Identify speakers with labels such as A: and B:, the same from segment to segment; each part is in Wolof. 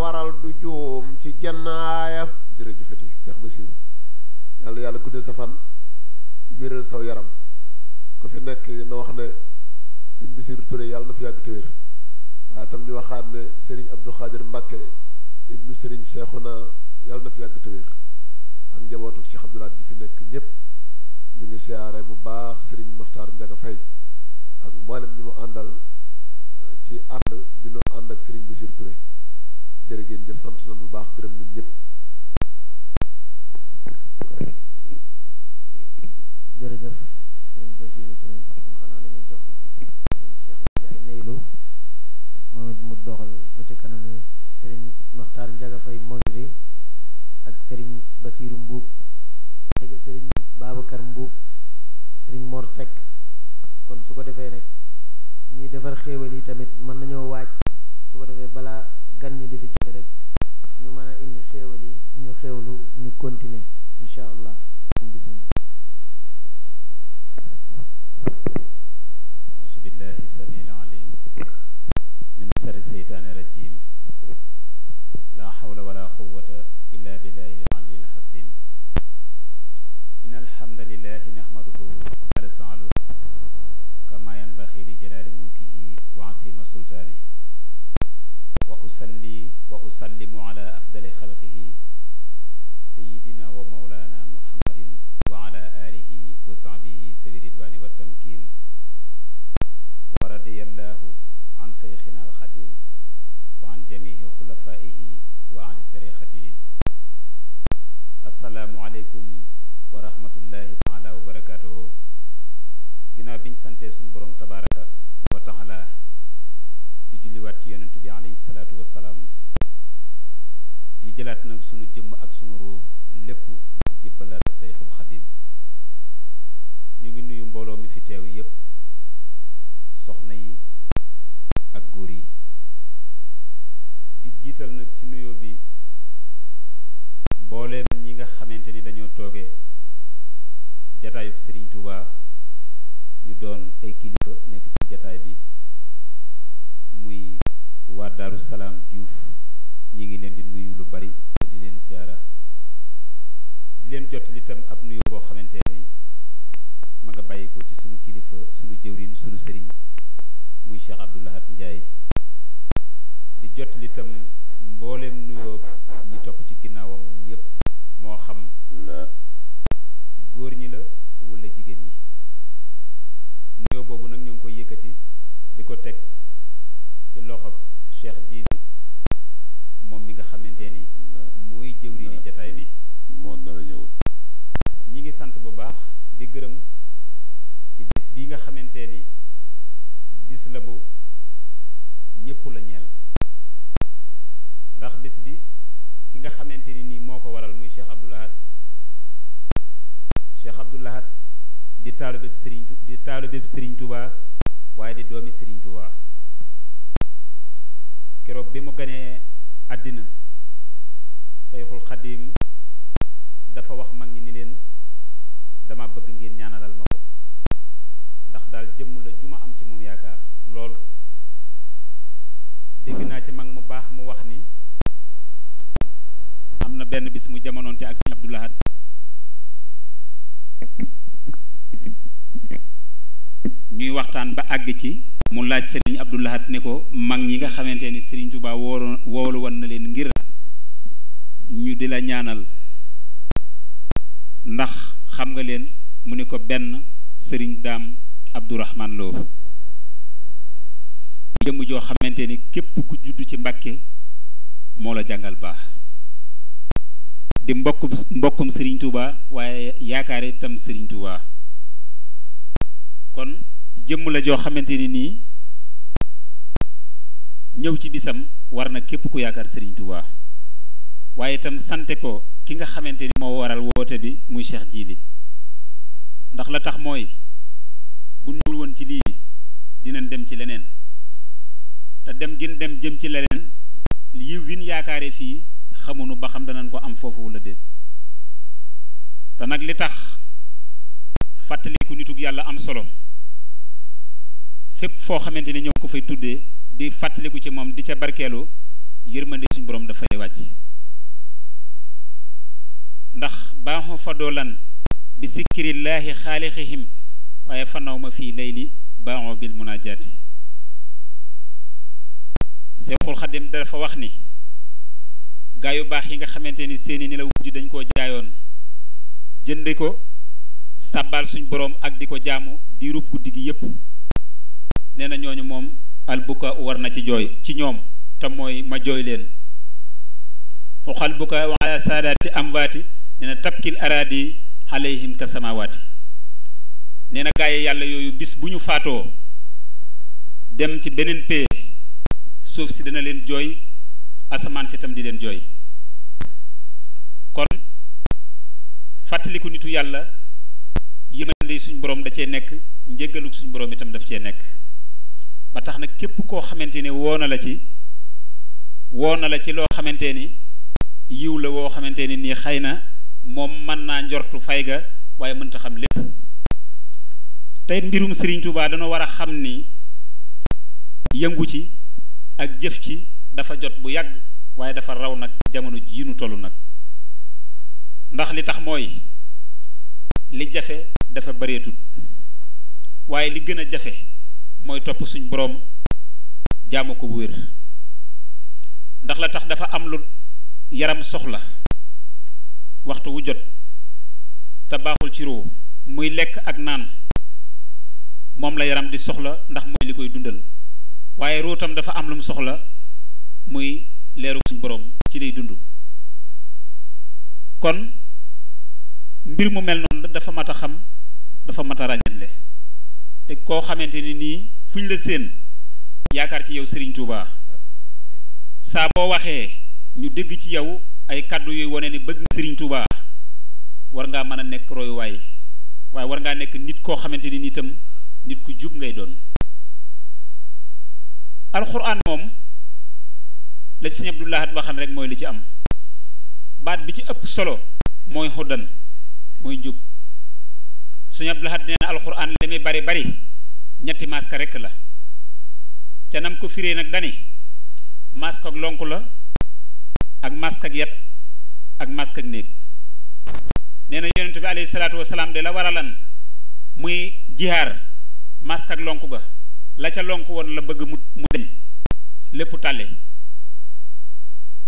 A: waral du juum ci jannaaya jërëjëfati Cheikh Bassirou yàlla yàlla guddal sa fan wéral saw yaram ku fi nekk na wax ne sëñ Bassirou Touré yàlla na fi yàgg te wér waaye tam ñu waxaat ne Serigne Abdou Khadir Mbacke ibnu Serigne Cheikhouna yàlla na fi yàgg te ak njabootu Cheikh Abdou gi fi nekk ñëpp ñu ngi siyaare bu baax Serigne Makhtar Ndiaga Faye ak mboolem ñi mu àndal ci ànd bi nu ànd ak Serigne Bassirou Touré jërë ngeen jëf sant nañ bu baax gërëm nañ ñëpp. jërëjëf sëriñ Bassirou Touré kon xanaa lañuy jox sëriñ Cheikh Ndiaye Neylo moom it mu doxal ba ci kanamee sëriñ Makhtar Ndiaga Faye moo fi ak sëriñ basiiru Mbuub léegi sëriñ Babacar Mbuub sëriñ Mor Seck kon su ko defee rek ñuy defar xéewal tamit mën nañoo waaj su ko defee balaa gan ñi di fi jóge rek samil alim min sari seytaani la hawla wala quwwata illa billahi hasim in alhamdulillahi nahmaduhu wa nasta'inuhu kama yanbaghi jalali mulkihi wa azima usalli wa usallimu ala afdali xalqihi sayidina wa mawlana muhammadin wa ala alihi wa sahbihi sabi ridwani wa tamkin wa radiyallahu an sayxina alxadim wa an jamihi xulafaihi wa ahli tariqatihi assalaamu aleykum wa rahmatullahi taala wa barakatuhu ginnaaw biñ santee suñu borom tabaraka wa taala di julliwaat ci yonent bi alayhi salaatu wassalaam di jëlaat nag sunu jëmm ak sunu ruu lépp jibbalaat Seyxul Xadim ñu ngi nuyu mbooloo mi fi teew yépp soxna yi ak góor yi di jiital nag ci nuyoo bi mbooleem ñi nga xamante ni dañoo tooge jataayub Sëriñ Tuuba ñu doon ay kilifa nekk ci jataay bi waa Daaru Salaam Diouf ñi ngi leen di nuyu lu bari di leen siyaara di leen jottali ab nuyu boo xamante ni ma nga bàyyikoo ci sunu kilifa sunu jëwriñ sunu sëriñ muy Cheikh Abdou Lahad Ndiaye di jottali itam mbooleem nuyoo ñi topp ci ginnaawam ñépp moo xam góor ñi la wala jigéen ñi nuyoo boobu nag ñoo ngi koy yëkkati di ko teg ci loxo Cheikh Jili moom mi nga xamante ni muy jëwriñu jataay bi moo dara ñëwul ñi ngi sant bu baax di gërëm ci bis bi nga xamante ni bis la bu ñépp la ñeel ndax bis bi ki nga xamante ni nii moo ko waral muy Cheikh Abdoul Ahad Cheikh di taalibeb Serigne di taalibeb Serigne Touba waaye di doomi Serigne Touba keroog bi mu ganee àddina sayxul xadim dafa wax mag ñi ni leen dama bëgg ngeen ñaanalal ma ko ndax daal jëmm la juma am ci moom yaakaar lool dégg naa ci mag mu baax mu wax ni am na benn bis mu jamonoonte ak sëñ Abdou Lahad ñuy waxtaan ba ag ci mu laaj serigne abdullah Lahad ne ko mag ñi nga xamanteni serigne touba Tuubaa woolu woolu na len ngir ñu di la ñaanal ndax xam nga len mu ne ko ben serigne dam Abdourahman Lo mu jo xamanteni kep ku judd ci mbacke mo la jangal ba di mbokkum mbokkum serigne touba waye yaakaare tam serigne touba kon jëmm la joo xamante ni nii ñëw ci bisam war na képp ku yaakaar Serigne Touba waaye itam sante ko ki nga xamante ni moo waral woote bi muy Cheikh li ndax la tax mooy bu ñuul woon ci lii dinañ dem ci leneen te dem gin dem jëm ci leneen yiw win yaakaare fii xamunu ba xam danañ ko am foofu wala déet te nag li tax fàttaliku nitug yàlla am solo fépp foo xamante ni ñoom ko fay tuddee di fàttaliku ci moom di ca barkeelu yërmande suñu boroom dafay wàcc ndax baaxoo fadoo lan bi sikkirillaahi xaalixihim waaye fanaw ma fii li baaxoo bil munaajaati seexul xadim dafa wax ni gaa yu baax yi nga xamante ni seeni nilaw guddi dañ koo jaayoon jënde ko sàbbaal suñ boroom ak di ko jaamu di rub guddi gi yépp nee na ñooñu moom albuka war na ci jooy ci ñoom te mooy ma jooy leen waxal buka ala saadaati amwaati nee na tabkil araadi alayhim ka samawaati nee na yi yàlla yooyu bis bu ñu faatoo dem ci beneen pee suuf si dana leen jooy asamaan si tam di leen jooy kon fàttaliku nitu yàlla yëmande suñ borom da cee nekk njëggaluk suñ borom itam daf cee nekk ba tax nag képp koo xamante ni woo na la ci woo na la ci loo xamante ni yiw la woo xamante ni nii xëy na moom mën naa njortu fay ga waaye mënta xam lépp tey mbirum Serigne Touba dañoo war a xam ni yëngu ci ak jëf ci dafa jot bu yàgg waaye dafa raw nag ci jamono jii nu toll nag ndax li tax mooy li jafe dafa bareetut waaye li gën a jafe mooy topp suñ boroom jaamu ko bu wér ndax la tax dafa am lu yaram soxla waxtu wu jot te baaxul ci roo muy lekk ak naan moom la yaram di soxla ndax mooy li koy dundal waaye rootam dafa am lu soxla muy leeru suñ boroom ci lay dund kon mbir mu mel noonu dafa mat a xam dafa mat a ràññetle te ko xamanteni ni fuñ la seen yaakar ci yow Serigne Touba sa bo waxe ñu dégg ci yow ay kaddu yu woné ni bëgg Serigne Touba war nga mëna nek roy way way war nga nek nit ko xamanteni ni tam nit ku jup ngay doon. alquran mom la abdullah rek moy li ci am baat bi ci ëpp solo moy moy jup suñu Abdul Ahad nee na bari bari ñetti maska rek la ca nam ko firé nak dani maska ak lonku la ak maska ak yet ak maska ak néeg neena na bi alayhi salatu wassalam de la waralan muy jihar maska ak lonku ga la ca lonku won la bëgg mu deñ lepp talé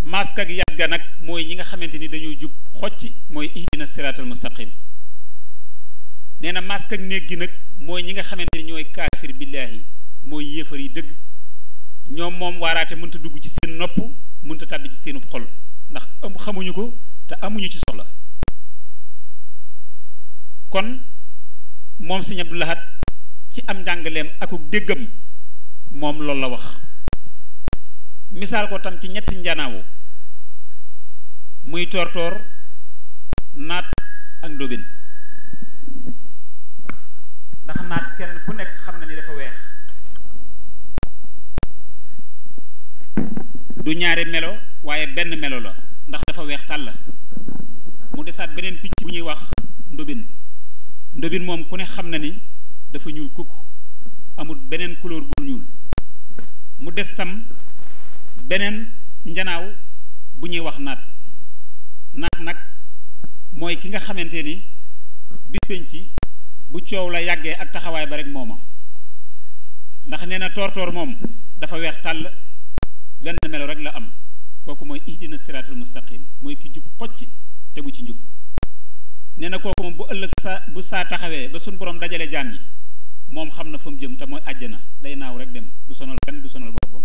A: maska ak yet ga nag mooy ñi nga xamanteni dañu jup jub moy ihdinas siratal mustaqim nee na masque ak néeg gi nag mooy ñi nga xamante ne ñooy kaafir billaahi mooy yéefar yi dëgg ñoom moom waaraate mënta dugg ci seen nopp mënta tàbbi ci seenub xol ndax am xamuñu ko te amuñu ci soxla kon moom sëñ Abdou Lahad ci am njàngaleem akuk déggam moom loolu la wax misaal ko tam ci ñetti njanaawu muy toor toor naat ak ndóbin ndax naat kenn ku nekk xam na ni dafa weex du ñaari melo waaye benn melo la ndax dafa weex tàll mu desaat beneen picc bu ñuy wax ndobin ndobin moom ku ne xam na ni dafa ñuul kukk amul beneen couleur bu ñuul mu des tam beneen njanaaw bu ñuy wax naat naat nag mooy ki nga xamante ni bis penc ci bu ciow la yagge ak taxaway ba rek moma ndax neena tor tor mom dafa wex tal ben melo rek la am koku moy ihdina siratal mustaqim moy ki jub xocc tegu ci njub neena koku mom bu euleuk sa bu sa taxawé ba suñ borom dajale jam yi mom xamna fam jëm te day naaw rek dem du sonal ben du sonal bopam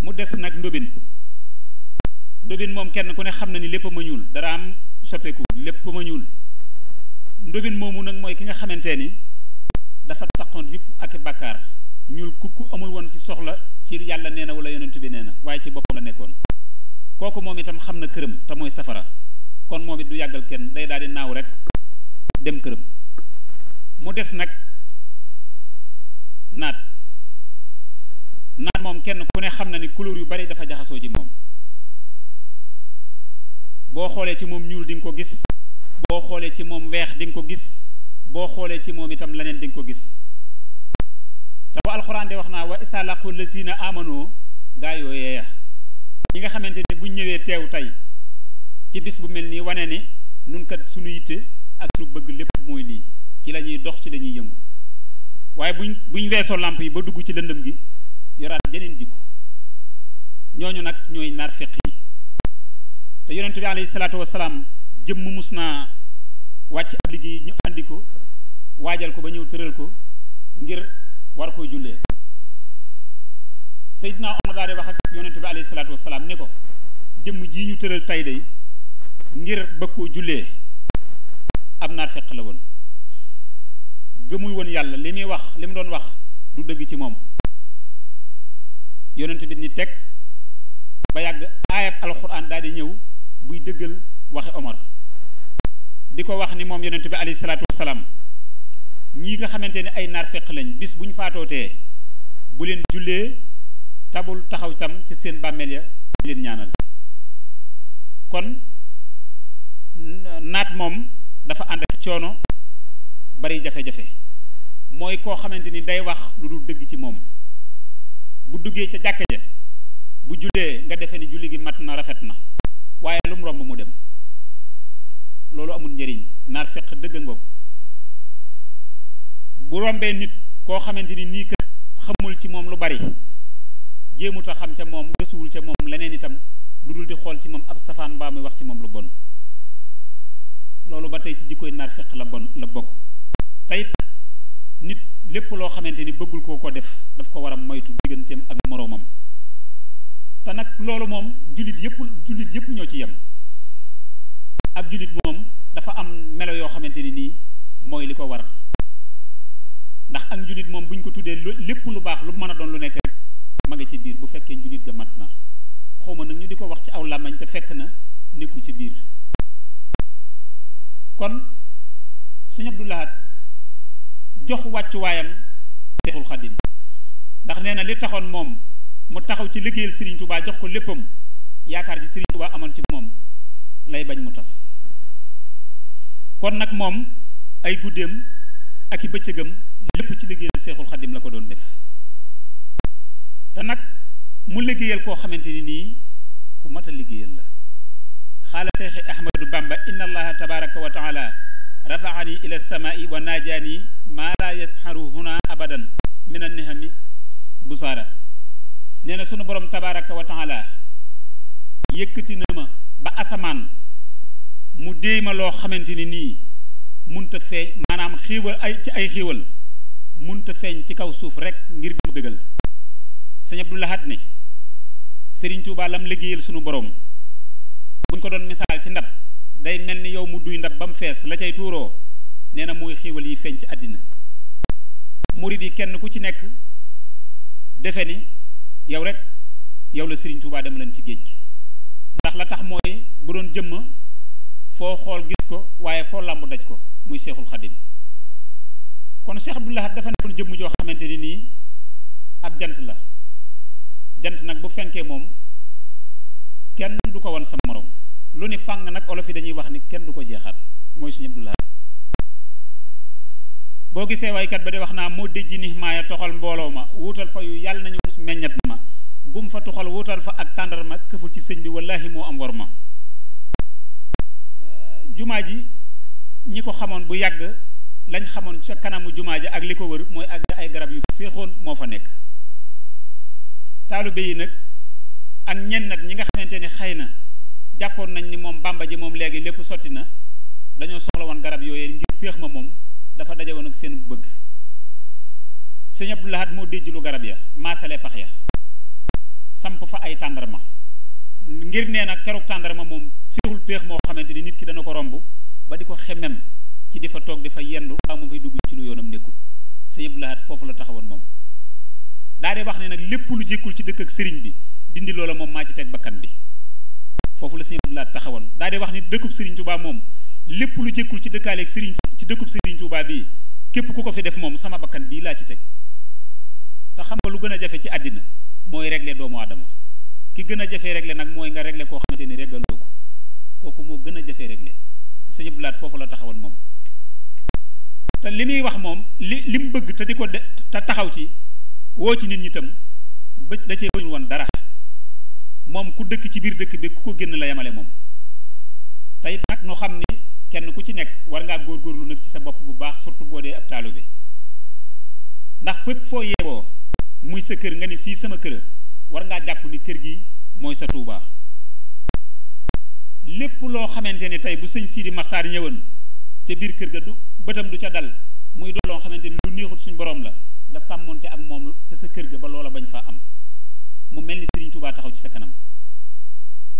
A: mu dess nak ndobin ndobin mom kenn ku ne xamna ni lépp ma ñuul dara am soppeku lépp ma ñuul ndobin moomu nag mooy ki nga xamante ni dafa taqoon yépp ak bàkkaar ñuul ku amul woon ci soxla ci yàlla nee na wala yonent bi nee na waaye ci boppam la nekkoon kooku moom itam xam na këram te mooy safara kon moom it du yàggal kenn day daal di naaw rek dem këram mu des nag naat naat moom kenn ku ne xam na ni couleur yu bari dafa jaxasoo ci moom boo xoolee ci moom ñuul di nga ko gis boo xoolee ci moom weex di nga ko gis boo xoolee ci moom itam leneen di nga ko gis te bu alxuraan de wax naa wa isa laqu lazina amanu gaa yooyee ya ñi nga xamante ni buñ ñëwee teew tey ci bis bu mel nii wane ni nun kat suñu yitte ak suñu bëgg lépp mooy lii ci la ñuy dox ci lañuy yëngu waaye buñ buñ weesoo làmp yi ba dugg ci lëndëm gi yoraat jeneen jikko ñooñu nag ñooy naar feq yi te yonent bi alayhi salaatu wasalaam jëmm mus naa wàcc ab liggéey ñu andi ko waajal ko ba ñëw tëral ko ngir war koo jullee Seydina Omar daal di wax ak yonent bi alayhi salaatu wasalaam ne ko jëmm ji ñu tëral tay day ngir bëgg koo jullee ab naar feq la woon gëmul woon yàlla li muy wax li mu doon wax du dëgg ci moom yonent bi ni teg ba yàgg aayab alxuraan daal di ñëw buy dëggal waxe Omar di ko wax ni moom yonent bi alayhi salaatu wasalaam ñii nga xamante ni ay naar feq lañ bis bu ñu faatootee bu leen jullee tabul taxaw tam ci seen bàmmeel ya di leen ñaanal kon naat moom dafa ànd ak coono bari jafe-jafe mooy koo xamante ni day wax lu dul dëgg ci moom bu duggee ca jàkka ja bu jullee nga defee ni julli gi mat na rafet na waaye lu mu romb mu dem loolu amul njariñ naar feq dëgg ngoog bu rombee nit koo xamante ni nii kat xamul ci moom lu bari jéemut a xam ca moom gësuwul ca moom leneen itam lu dul di xool ci moom ab safaan mbaa muy wax ci moom lu bon loolu ba tey ci koy naar féq la bon la bokk tey nit lépp loo xamante ni bëggul koo ko def daf ko war a moytu digganteem ak moroomam te nag loolu moom jullit yëpp jullit yëpp ñoo ci yem ab jullit moom dafa am melo yoo xamante ni nii mooy li ko war ndax ak jullit moom bu ñu ko tuddee lépp lu baax lu mën a doon lu nekk rek ma nga ci biir bu fekkee jullit ga mat na xaw ma nag ñu di ko wax ci aw làmmañ te fekk na nekku ci biir kon sëñ du laat jox wàccuwaayam seexul xadim ndax nee na li taxoon moom mu taxaw ci liggéeyal Serigne tubaa jox ko léppam yaakaar ji Serigne Touba amoon ci moom lay bañ mu tas kon nak mom ay guddem ak bëccëgam lépp ci liggéeyal cheikhul khadim lako don def te nak mu liggéeyal ko xamanteni ni ku mata a la khala cheikh ahmadu bamba inna allah tabaraka wa taala rafaani ila samaai wa najani ma la yasharu huna abadan min an busaara busara neena sunu borom tabaraka wa taala yekati na ma ba asaman mu déey ma loo xamante ni nii munta feeñ maanaam xiiwal ay ci ay xiiwal munta feeñ ci kaw suuf rekk ngir bi mu dëggal sëñ Abdou Lahad ne Sëriñ Tuubaa lam liggéeyal sunu borom buñ ko doon misaal ci ndab day mel ni yow mu duy ndat ba mu fees la cay tuuroo nee na mooy xiiwal yi feeñ ci àddina murid yi kenn ku ci nekk defe ni yow rek yow la Sëriñ Tuubaa dema ci géej gi ndax la tax mooy bu doon jëmma fo xol gis ko waye fo lamb daj ko muy cheikhul khadim kon Cheikh abdullah Ahad dafa nekkoon jëm jo xamanteni ni ab jant la jant nak bu fenkee mom kenn du ko won sa morom lu ni fang nak olof yi dañuy wax ni kenn du ko jeexaat moy cheikh abdullah bo boo way kat ba di wax naa moo ni toxal ma fa yu yalla nañu meññat ma gum fa toxal wutal fa ak tandarma keful ci señ bi wallahi mo am warma jumaa ji ñi ko xamoon bu yàgg lañ xamoon ca kanamu jumaa ji ak li ko wër mooy ak ay garab yu féexoon moo fa nekk taalibe yi nag ak ñenn ñi nga xamante ni xëy na jàppoon nañ ni moom bàmba ji moom léegi lépp sotti na dañoo soxla woon garab yooyu ngir péex ma moom dafa daje woon ak seen bëgg sëñ Abdou Lahad moo déjj lu garab ya maasale pax ya samp fa ay tàndarma ngir nee nag keruk tàndarma moom féexul péex moo xamante ni nit ki dana ko romb ba di ko xemem ci di fa toog di fa yendu mbaa fay dugg ci lu yoonam nekkul sëñ Abdou Lahad foofu la taxawoon moom daa dee wax ne nag lépp lu jékkul ci dëkk ak sëriñ bi dindi loola moom maa ci teg bakkan bi foofu la sëñ Abdou Lahad taxawoon daa dee wax ne dëkkub sëriñ Touba moom lépp lu jékkul ci dëkkaaleeg sëriñ ci dëkkub sëriñ Touba bii képp ku ko fi def moom sama bakkan bii laa ci teg te xam nga lu gën a jafe ci àddina mooy régler doomu aadama ki gën a jafe jafee régler nag mooy nga régler koo xamante ni régaloo ko kooku moo gën a jafee régler te sëñ Abdou foofu la taxawoon moom te li muy wax moom li li mu bëgg te di ko de te taxaw ci woo ci nit ñi tam ba da cee bañul woon dara moom ku dëkk ci biir dëkk bi ku ko génn la yemale moom tey nag noo xam ni kenn ku ci nekk war ngaa góor góor lu nag ci sa bopp bu baax surtout boo dee ab taalibe bi ndax fépp foo yeewoo muy sa kër nga ni fii sama kër war ngaa jàpp ni kër gi mooy sa Touba lépp loo xamante ne tey bu sëñ siidi Maxtaar ñëwoon ca biir kër ga du bëtam du ca dal muy doon loo xamante ni lu neexut suñ boroom la nga sàmmoonte ak moom ca sa kër ga ba loola bañ faa am mu mel ni Serigne Touba taxaw ci sa kanam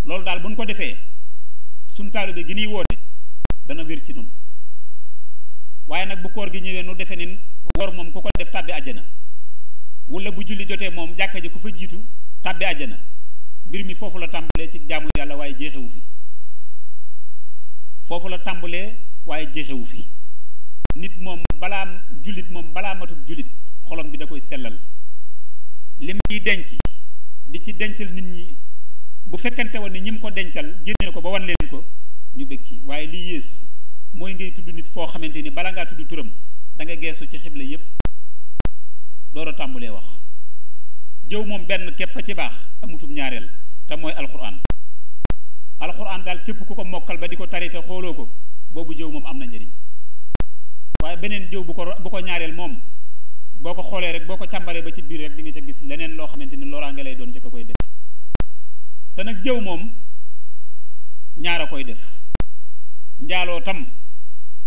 A: loolu daal buñ ko defee suñ taalibe gi ñuy woote dana wér ci nun waaye nag bu koor gi ñëwee nu defee ni wor moom ku ko def tàbbi àjjana wala bu julli jotee moom jàkka ji ku fa jiitu tàbbi àjjana mbir mi foofu la tàmbalee ci jaamu yàlla waaye jeexewu fi foofu la tàmbalee waaye jeexewu fi nit moom balaa jullit moom balaa matub jullit xolom bi da koy sellal lim ciy denc di ci dencal nit ñi bu fekkante woon ni ñi ko dencal génne ko ba wan leen ko ñu bég ci waaye li yées mooy ngay tudd nit foo xamante ni bala ngaa tudd turam da nga geesu ci xibla yépp door a tàmbulee wax jëw moom benn képp ci baax amutum ñaareel te mooy alxuraan alxuraan daal képp ku ko mokkal ba di ko tari xooloo ko boobu jëw moom am na njariñ waaye beneen jëw bu ko bu ko ñaareel moom boo ko xoolee rek boo ko càmbaree ba ci biir rek di nga ca gis leneen loo xamante ni loraange lay doon ca ko koy def te nag jëw moom ñaar a koy def njaaloo tam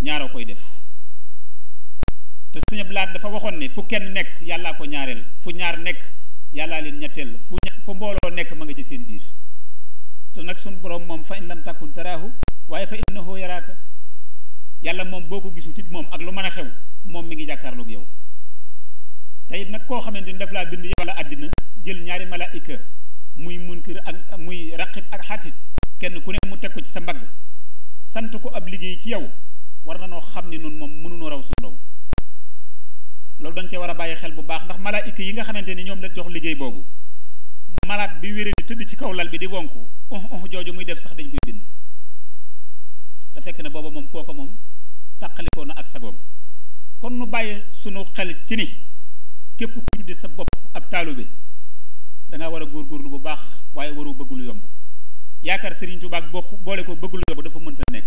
A: ñaar a koy def te sëñ Abdu dafa waxoon ni fu kenn nekk yàllaa ko ñaareel fu ñaar nekk yàllaa leen ñetteel fu fu mbooloo nekk ma nga ci seen biir te nag suñ borom moom fa in lam tàkkun taraahu waaye fa innahu yaraaka yàlla moom boo ko gisut it moom ak lu mën a xew moom mi ngi jàkkaarloog yow teyit nag koo xamante ni daf laa bind wala àddina jël ñaari malaayika muy mun munkir ak muy raqib ak xatit kenn ku ne mu teg ko ci sa mbagg sant ko ab liggéey ci yow war na noo xam ne noonu moom mënunoo raw su loolu dañ cee war a bàyyi xel bu baax ndax malaayika yi nga xamante ni ñoom la jox liggéey boobu malaat bi wéré di tëdd ci kaw lal bi di wonk on oh, on oh, jooju muy def sax dañ koy bind te fekk na booba moom kooko moom tàqalikoo na ak sagoom kon nu bàyyi sunu xel ci ni képp ku tudde sa bopp ab taalu bi danga war a góorgóorlu bu baax waaye waroo bëggul yomb yaakaar Serigne Touba bokk boole ko bëgg lu yomb dafa mënta nekk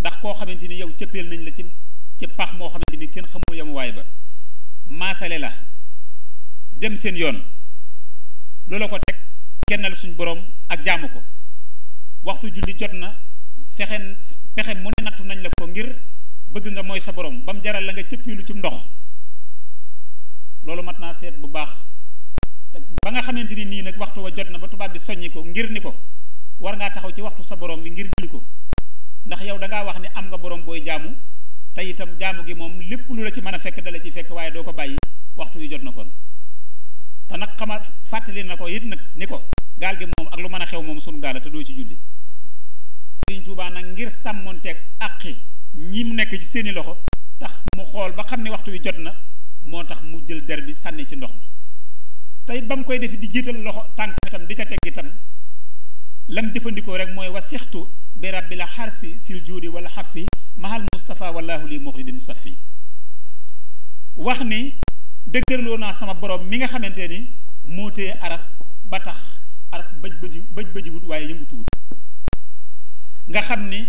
A: ndax koo xamante ni yow cëppeel nañ la ci ci pax moo xamante ni kenn xamul yamuwaay ba maasale la dem seen yoon loola ko teg kennal suñ boroom ak jàmm ko waxtu julli jot na fexe pexe mu ne nattu nañ la ko ngir bëgg nga mooy sa borom ba mu jaral la nga lu ci ndox loolu mat naa seet bu baax ba nga xamante ni nii nag waxtu wa jot na ba tubaab bi soññi ko ngir ni ko war ngaa taxaw ci waxtu sa borom bi ngir julli ko ndax yow dangaa wax ni am nga borom booy jaamu tey itam jaamu gi moom lépp lu la ci mën a fekk dala ci fekk waaye doo ko bàyyi waxtu wi jot na kon te nag xama fàttali na ko it nag ni ko gaal gi moom ak lu mën a xew moom sunu gaal la te doo ci julli Sëriñ Tuubaa nag ngir sàmmonteeg àqi ñi mu nekk ci seeni loxo tax mu xool ba xam ne waxtu wi jot na moo tax mu jël der bi sànni ci ndox mi tey ba mu koy def di jiital loxo tànk itam di ca teg itam لم تفندكو رك موي وسختو برب rabbi la xarsi sil juuri wala xafi mahal Moustapha wallaahu li muxridin safi wax ni dëgërloo naa sama borom mi nga xamante ni moo tee aras ba aras bëj nga xamni ni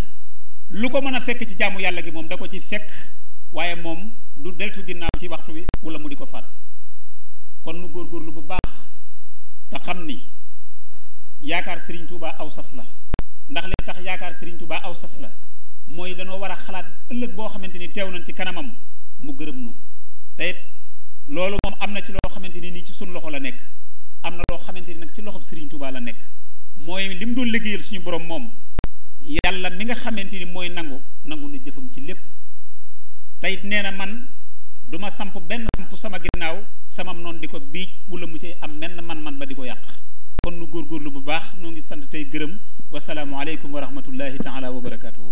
A: lu ko mën fekk ci jaamu yàlla gi mom da ko ci fekk waye mom du deltu ginnaaw ci waxtu wi wala mu diko fat kon nu lu bu baax ta xamni yaakaar Serigne Touba aw sas la ndax li tax yaakaar Serigne Touba aw sas la mooy danoo war a xalaat ëllëg boo xamante ni teew nañ ci kanamam mu gërëm nu te loolu moom am na ci loo xamante ni nii ci suñu loxo la nekk am na loo xamante ni nag ci loxo Serigne Touba la nekk mooy li mu doon liggéeyal suñu borom moom yàlla mi nga xamante ni mooy nangu nangu na jëfam ci lépp te nee na man du ma samp benn samp sama ginnaaw samam noon di ko biij wala mu ci am menn man-man ba di ko yàq kon nu góorgóorlu bu baax noo ngi sant tey gërëm wasalaamualeykum wa rahmatullahi taala wa barakaatu.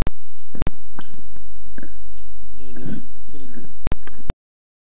A: jërëjëf sëriñ bi